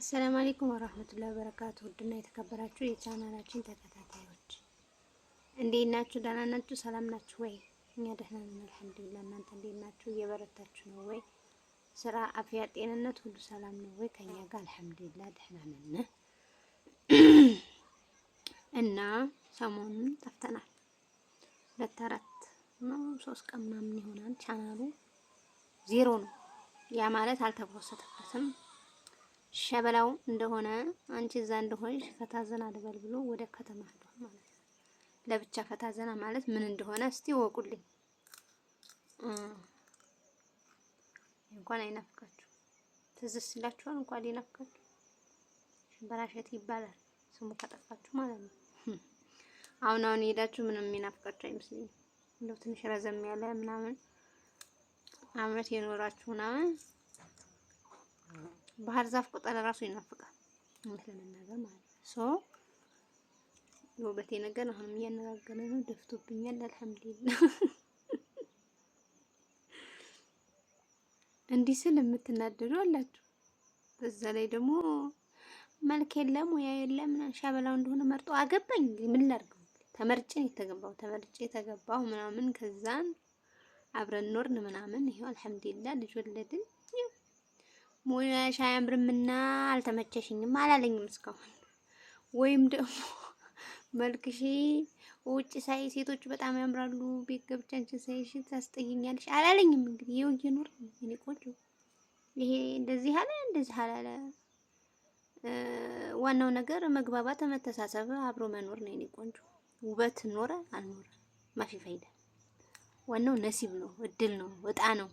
አሰላሙ አለይኩም ወራህመቱላሂ ወበረካቱ። ውድና የተከበራችሁ የቻናላችን ተከታታዮች እንዴት ናችሁ? ደህና ናችሁ? ሰላም ናችሁ ወይ? እኛ ደህና ነን አልሐምዱሊላህ። እናንተ እንዴት ናችሁ? እየበረታችሁ ነው ወይ? ስራ፣ አፍያ፣ ጤንነት ሁሉ ሰላም ነው ወይ? ከኛ ጋር አልሐምዱሊላህ ደህና ነን እና ሰሞኑን ጠፍተናል። ሁለት አራት ነው ሶስት ቀን ምናምን ይሆናል። ቻናሉ ዜሮ ነው። ያ ማለት አልተፖሰተበትም ሸበላው እንደሆነ አንቺ እዛ እንደሆንሽ ፈታ ዘና ልበል ብሎ ወደ ከተማ ሄዷል ማለት ነው። ለብቻ ፈታ ዘና ማለት ምን እንደሆነ እስቲ ወቁልኝ። እንኳን አይናፍቃችሁ ትዝ ሲላችኋል፣ እንኳን ይናፍቃችሁ። በራሸት ይባላል ስሙ ከጠፋችሁ ማለት ነው። አሁን አሁን የሄዳችሁ ምንም የሚናፍቃችሁ አይመስለኝም። እንደው ትንሽ ረዘም ያለ ምናምን አመት የኖራችሁ ምናምን ባህር ዛፍ ቅጠል ራሱ ይናፍቃል። እውነት ለመናገር ማለት ነው። ሶ የውበቴ ነገር አሁንም እያነጋገረ ነው። ደፍቶብኛል። አልሐምዱሊላህ እንዲህ ስል የምትናደዱ አላችሁ። በዛ ላይ ደግሞ መልክ የለም ሙያ የለም ሻበላው እንደሆነ መርጦ አገባኝ። ምን ላድርገው? ተመርጬን የተገባው ተመርጬ የተገባው ምናምን ከዛን አብረን ኖርን ምናምን ይሄው አልሐምዱሊላህ ልጅ ወለድን። ሙያሽ አያምርምና አልተመቸሽኝም አላለኝም እስካሁን። ወይም ደግሞ መልክሽ ውጭ ሳይ ሴቶች በጣም ያምራሉ፣ ቤት ገብቻችን ሳይሽ ታስጠይኛለሽ አላለኝም። እንግዲህ ይኸው እየኖር እኔ ቆንጆ ይሄ እንደዚህ አለ እንደዚህ አላለ። ዋናው ነገር መግባባት፣ መተሳሰብ፣ አብሮ መኖር ነው። እኔ ቆንጆ ውበት ኖረ አልኖረ ማፊ ፋይዳ፣ ዋናው ነሲብ ነው፣ እድል ነው፣ ወጣ ነው።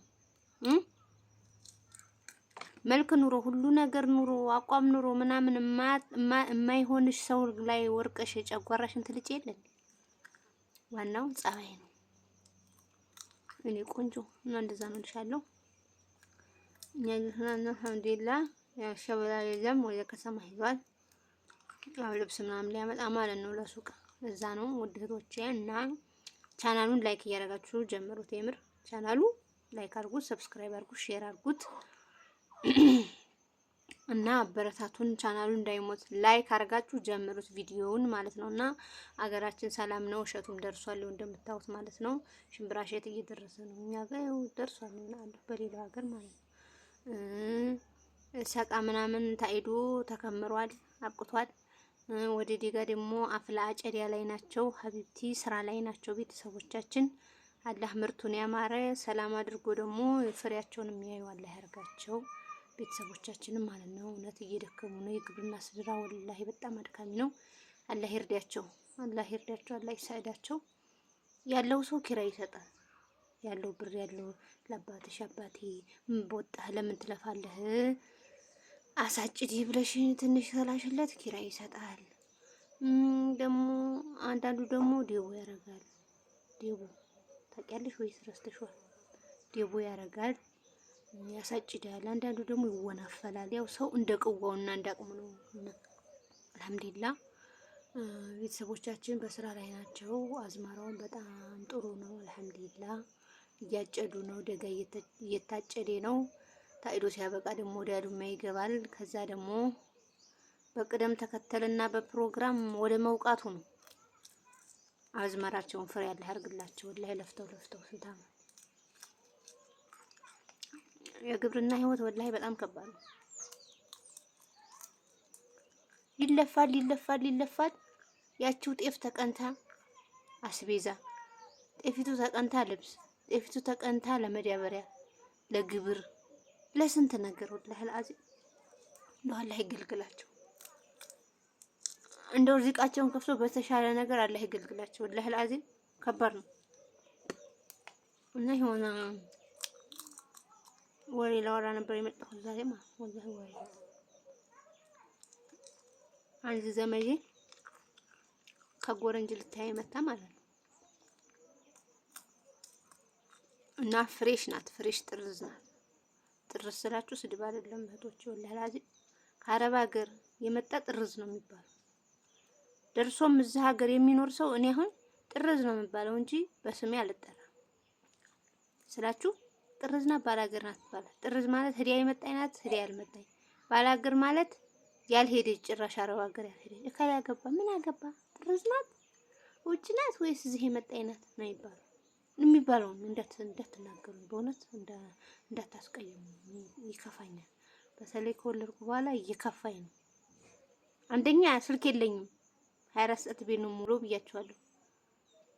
መልክ ኑሮ፣ ሁሉ ነገር ኑሮ፣ አቋም ኑሮ ምናምን የማይሆንሽ ሰው ላይ ወርቀሽ ጨጓራሽን ትልጭ የለን። ዋናው ጸባይ ነው። እኔ ቆንጆ እና እንደዛ ነው ልሻለሁ። እኛ ነው አልሐምዱሊላ። አልሐምዱሊላህ ሸበላ የለም ወደ ከተማ ሂዷል። ያው ልብስ ምናምን ሊያመጣ ማለት ነው ለሱቅ እዛ ነው። ውድ እና ቻናሉን ላይክ እያደረጋችሁ ጀምሩት። የምር ቻናሉ ላይክ አድርጉት፣ ሰብስክራይብ አድርጉት፣ ሼር አድርጉት። እና አበረታቱን። ቻናሉ እንዳይሞት ላይክ አድርጋችሁ ጀምሩት ቪዲዮውን ማለት ነው። እና አገራችን ሰላም ነው። እሸቱም ደርሷል እንደምታዩት ማለት ነው። ሽምብራ እሸት እየደረሰ ነው። እኛ ጋር ያው ደርሷል ይላሉ በሌላ ሀገር ማለት ነው። ሰቃ ምናምን ታይዶ ተከምሯል፣ አብቅቷል። ወደ ዲጋ ደግሞ አፍላ አጨዳ ላይ ናቸው። ሀቢብቲ ስራ ላይ ናቸው ቤተሰቦቻችን። አላህ ምርቱን ያማረ ሰላም አድርጎ ደግሞ ፍሬያቸውን የሚያዩ አላህ ያርጋቸው። ቤተሰቦቻችንም ማለት ነው። እውነት እየደከሙ ነው። የግብርና ስድራ ወላሂ በጣም አድካሚ ነው። አላህ ይርዳቸው፣ አላህ ይርዳቸው፣ አላህ ይሳዳቸው። ያለው ሰው ኪራይ ይሰጣል። ያለው ብር ያለው ለአባትሽ አባቴ በወጣህ ለምን ትለፋለህ አሳጭዲ ብለሽ ትንሽ ተላሽለት ኪራይ ይሰጣል። ደግሞ አንዳንዱ ደግሞ ዴቦ ያረጋል። ዴቦ ታውቂያለሽ ወይስ ረስተሽዋል? ዴቦ ያረጋል። ያሳጭዳል። አንዳንዱ ደግሞ ይወናፈላል። ያው ሰው እንደ ቅዋውና እንደ አቅሙ ነው። አልሐምዱሊላ ቤተሰቦቻችን በስራ ላይ ናቸው። አዝመራውን በጣም ጥሩ ነው። አልሐምዱሊላ እያጨዱ ነው። ደጋ እየታጨደ ነው። ታይዶ ሲያበቃ ደግሞ ወደ አዱማ ይገባል። ከዛ ደግሞ በቅደም ተከተልና በፕሮግራም ወደ መውቃቱ ነው። አዝመራቸውን ፍሬ ያለ ያርግላቸው። ላይ ለፍተው ለፍተው ስንታም የግብርና ህይወት ወላሂ በጣም ከባድ ነው። ይለፋል ይለፋል ይለፋል። ያቺው ጤፍ ተቀንታ አስቤዛ፣ ጤፊቱ ተቀንታ ልብስ፣ ጤፊቱ ተቀንታ ለመዳበሪያ፣ ለግብር፣ ለስንት ነገር ወላሂ ለአዚ ለአላህ ይገልግላቸው። እንደው ርዚቃቸውን ከፍቶ በተሻለ ነገር አላህ ይገልግላቸው። ወላሂ ለአዚ ከባድ ነው እና ይሆና ወሬ ላወራ ነበር የመጣሁት ዛሬ ማለት ወላሂ ወሬ አንድ ዘመዴ ከጎረንጅ ልታይ መጣ ማለት ነው። እና ፍሬሽ ናት፣ ፍሬሽ ጥርዝ ናት። ጥርዝ ስላችሁ ስድብ አይደለም እህቶች፣ ወላሂ አዚ ከአረብ ሀገር የመጣ ጥርዝ ነው የሚባለው። ደርሶም እዚህ ሀገር የሚኖር ሰው እኔ አሁን ጥርዝ ነው የሚባለው እንጂ በስሜ አልጠራም ስላችሁ ጥርዝ ናት፣ ባላገር ናት ይባላል። ጥርዝ ማለት ህዲያ የመጣኝ ናት፣ ህዲያ ያልመጣኝ። ባላገር ማለት ያልሄደች ጭራሽ አረብ ሀገር ያልሄደች። እከላ ያገባ ምን ያገባ ጥርዝ ናት፣ ውጭ ናት ወይስ እዚህ የመጣኝ ናት ነው ይባላል። የሚባለውን እንዳትናገሩ በእውነት እንዳታስቀይሙ፣ ይከፋኛል። በተለይ ከወለድኩ በኋላ እየከፋኝ ነው። አንደኛ ስልክ የለኝም፣ ሀያ አራት ሰዓት ቤት ነው ሙሉ ብያቸዋለሁ።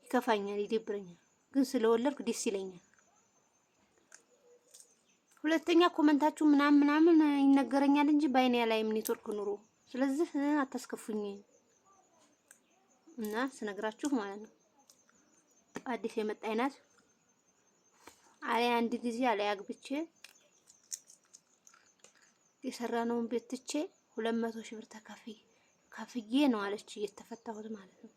ይከፋኛል፣ ይደብረኛል። ግን ስለወለድኩ ደስ ይለኛል። ሁለተኛ ኮመንታችሁ ምናምን ምናምን ይነገረኛል እንጂ ባይኔ ላይም ኔትወርክ ኑሮ። ስለዚህ አታስከፉኝ እና ስነግራችሁ ማለት ነው። አዲስ የመጣ አይነት አለ አንድ ጊዜ አለ አግብቼ የሰራነውን ቤት ትቼ ሁለት መቶ ሺህ ብር ተከፍዬ ከፍዬ ነው አለች እየተፈታሁት ማለት ነው።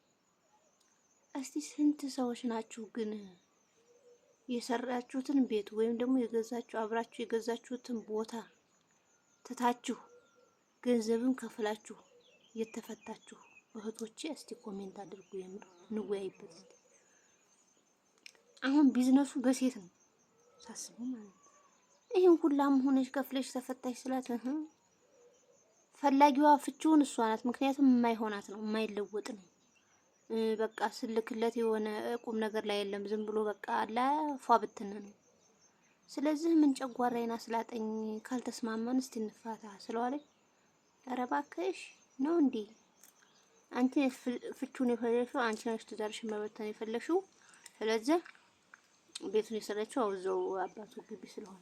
እስቲ ስንት ሰዎች ናችሁ ግን የሰራችሁትን ቤት ወይም ደግሞ የገዛችሁ አብራችሁ የገዛችሁትን ቦታ ትታችሁ ገንዘብን ከፍላችሁ የተፈታችሁ እህቶቼ እስቲ ኮሜንት አድርጉ። የምር እንወያይበት። አሁን ቢዝነሱ በሴት ነው ሳስቡ ማለት ነው። ይህን ሁላም ሆነሽ ከፍለሽ ተፈታሽ ስላት ፈላጊዋ ፍቺውን እሷ ናት። ምክንያቱም የማይሆናት ነው የማይለወጥ ነው። በቃ ስልክለት የሆነ ቁም ነገር ላይ የለም። ዝም ብሎ በቃ ላፏ ብትን ነው። ስለዚህ ምን ጨጓራዬን አስላጠኝ፣ ካልተስማማን እስቲ እንፋታ ስለዋለኝ፣ ኧረ እባክሽ ነው እንዴ አንቺ ፍቹን የፈለግሽው አንቺ ነሽ፣ ትዳርሽ መበተን የፈለግሽው ስለዚህ ቤቱን የሰራችው አውዘው አባቱ ግቢ ስለሆነ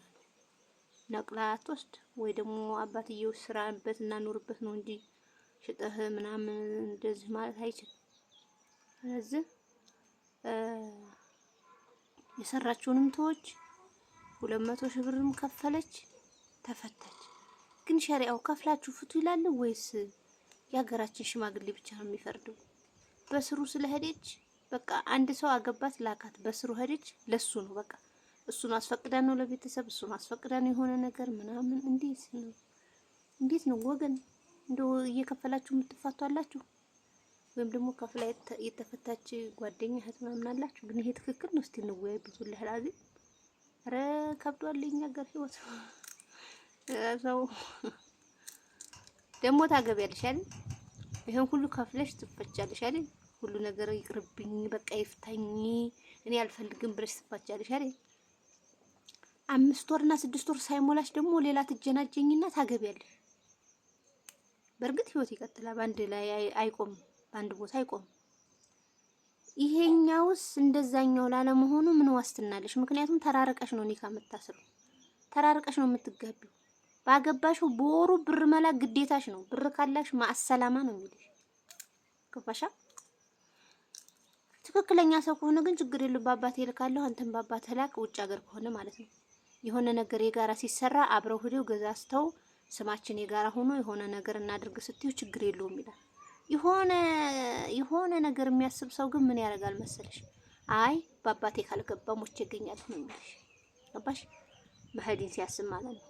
ነቅላ አትወስድ ወይ ደግሞ አባትየው ስራበት እና ኑርበት ነው እንጂ ሽጠህ ምናምን እንደዚህ ማለት አይችልም። ስለዚህ የሰራችውንም ተወች፣ ሁለት መቶ ሺህ ብርም ከፈለች ተፈታች። ግን ሸሪያው ከፍላችሁ ፍቱ ይላል ወይስ የሀገራችን ሽማግሌ ብቻ ነው የሚፈርደው? በስሩ ስለሄደች በቃ አንድ ሰው አገባት ላካት፣ በስሩ ሄደች፣ ለሱ ነው በቃ እሱን አስፈቅዳ ነው ለቤተሰብ እሱን አስፈቅዳ ነው የሆነ ነገር ምናምን። እንዴት ነው እንዴት ነው ወገን? እንደው እየከፈላችሁ የምትፋቷላችሁ? ወይም ደግሞ ከፍላ የተፈታች ጓደኛ እህት ምናምን አላችሁ። ግን ይሄ ትክክል ነው? እስቲ እንወያይ። ብዙ ለህላዚ ረ ከብዷል የኛ ሀገር ህይወት። ሰው ደግሞ ታገቢያለሽ አይደል? ይሄን ሁሉ ከፍለሽ ትፈቻለሽ አይደል? ሁሉ ነገር ይቅርብኝ፣ በቃ ይፍታኝ፣ እኔ አልፈልግም ብለሽ ትፈቻለሽ አይደል? አምስት ወርና ስድስት ወር ሳይሞላሽ ደግሞ ሌላ ትጀናጀኝና ታገቢያለሽ። በእርግጥ ህይወት ይቀጥላል፣ በአንድ ላይ አይቆምም። በአንድ ቦታ አይቆምም። ይሄኛውስ እንደዛኛው ላለመሆኑ ምን ዋስትና ምክንያቱም ተራርቀሽ ነው ኒካ የምታስሩ፣ ተራርቀሽ ነው የምትጋቢው። ባገባሽው በወሩ ብር መላ ግዴታሽ ነው። ብር ካላሽ ማሰላማ ነው የሚልሽ ገባሻ? ትክክለኛ ሰው ከሆነ ግን ችግር የለው በአባት ይልካለሁ፣ አንተም በአባት ላክ። ውጭ ሀገር ከሆነ ማለት ነው። የሆነ ነገር የጋራ ሲሰራ አብረው ሂደው ገዛዝተው ስማችን የጋራ ሆኖ የሆነ ነገር እናድርግ ስትዩ ችግር የለውም ይላል። የሆነ የሆነ ነገር የሚያስብ ሰው ግን ምን ያደርጋል መሰለሽ? አይ በአባቴ ካልገባ ሞቼ እገኛለሁ ነው የሚልሽ። ገባሽ? መሄድን ሲያስብ ማለት ነው።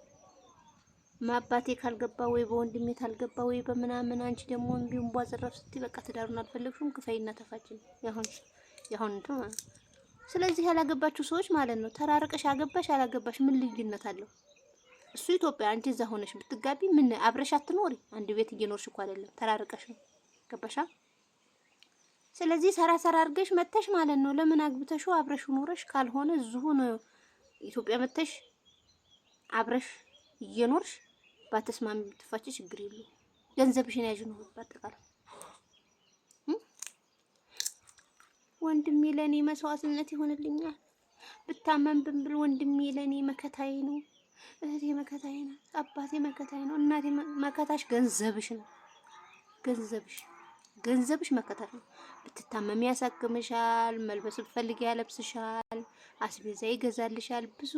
ማባቴ ካልገባ ወይ በወንድሜ ካልገባ ወይ በምናምን አንቺ ደግሞ እንዲሁም ቧዘራፍ ስትይ በቃ ትዳሩን አልፈለግሽም ክፈይና ተፋችን ያሁን ያሁን ስለዚህ ያላገባችሁ ሰዎች ማለት ነው ተራርቀሽ አገባሽ አላገባሽ ምን ልዩነት አለው? እሱ ኢትዮጵያ አንቺ እዛ ሆነሽ ብትጋቢ ምን አብረሽ አትኖሪ። አንድ ቤት እየኖርሽ እኮ አይደለም ተራርቀሽ ነው። ገባሻ? ስለዚህ ሰራ ሰራ አድርገሽ መተሽ ማለት ነው። ለምን አግብተሽ አብረሽ ኖረሽ ካልሆነ እዚሁ ነው ኢትዮጵያ መተሽ አብረሽ እየኖርሽ ባተስማሚ ብትፋች ችግር የለውም። ገንዘብሽን ያዥ ነው ባጠቃላይ። ወንድሜ ለኔ መስዋዕትነት ይሆንልኛል። ብታመም ብንብል ወንድሜ ለኔ መከታዬ ነው፣ እህቴ መከታዬ ነው፣ አባቴ መከታዬ ነው፣ እናቴ መከታሽ ገንዘብሽ ነው ገንዘብሽ ገንዘብሽ መከተፍ ነው። ብትታመሚ ያሳክምሻል፣ መልበስ ብትፈልጊ ያለብስሻል፣ አስቤዛ ይገዛልሻል፣ ብዙ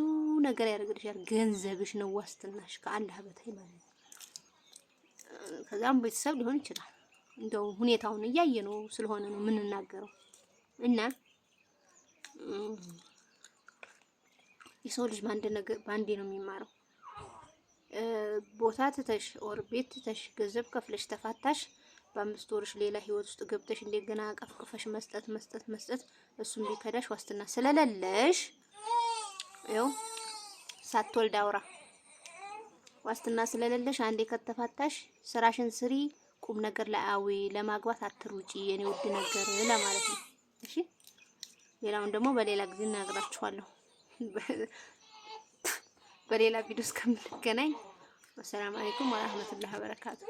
ነገር ያደርግልሻል። ገንዘብሽ ነው ዋስትናሽ ከአላህ በታይ ማለት ነው። ከዛም ቤተሰብ ሊሆን ይችላል። እንደው ሁኔታውን እያየ ነው ስለሆነ ነው የምንናገረው እና የሰው ልጅ በአንድ በአንዴ ነው የሚማረው። ቦታ ትተሽ ኦር ቤት ትተሽ ገንዘብ ከፍለሽ ተፋታሽ በአምስት ወርሽ ሌላ ህይወት ውስጥ ገብተሽ እንደገና ቀፍቅፈሽ መስጠት መስጠት መስጠት እሱም ቢከዳሽ ዋስትና ስለሌለሽ ይኸው ሳትወልድ አውራ ዋስትና ስለሌለሽ አንዴ ከተፋታሽ ስራሽን ስሪ፣ ቁም ነገር ላይ አዊ ለማግባት አትሩጪ፣ የኔ ውድ ነገር ለማለት ነው። እሺ፣ ሌላውን ደግሞ በሌላ ጊዜ እናግራችኋለሁ። በሌላ ቪዲዮ እስከምንገናኝ ወሰላም አለይኩም ወራህመቱላሂ ወበረካቱ።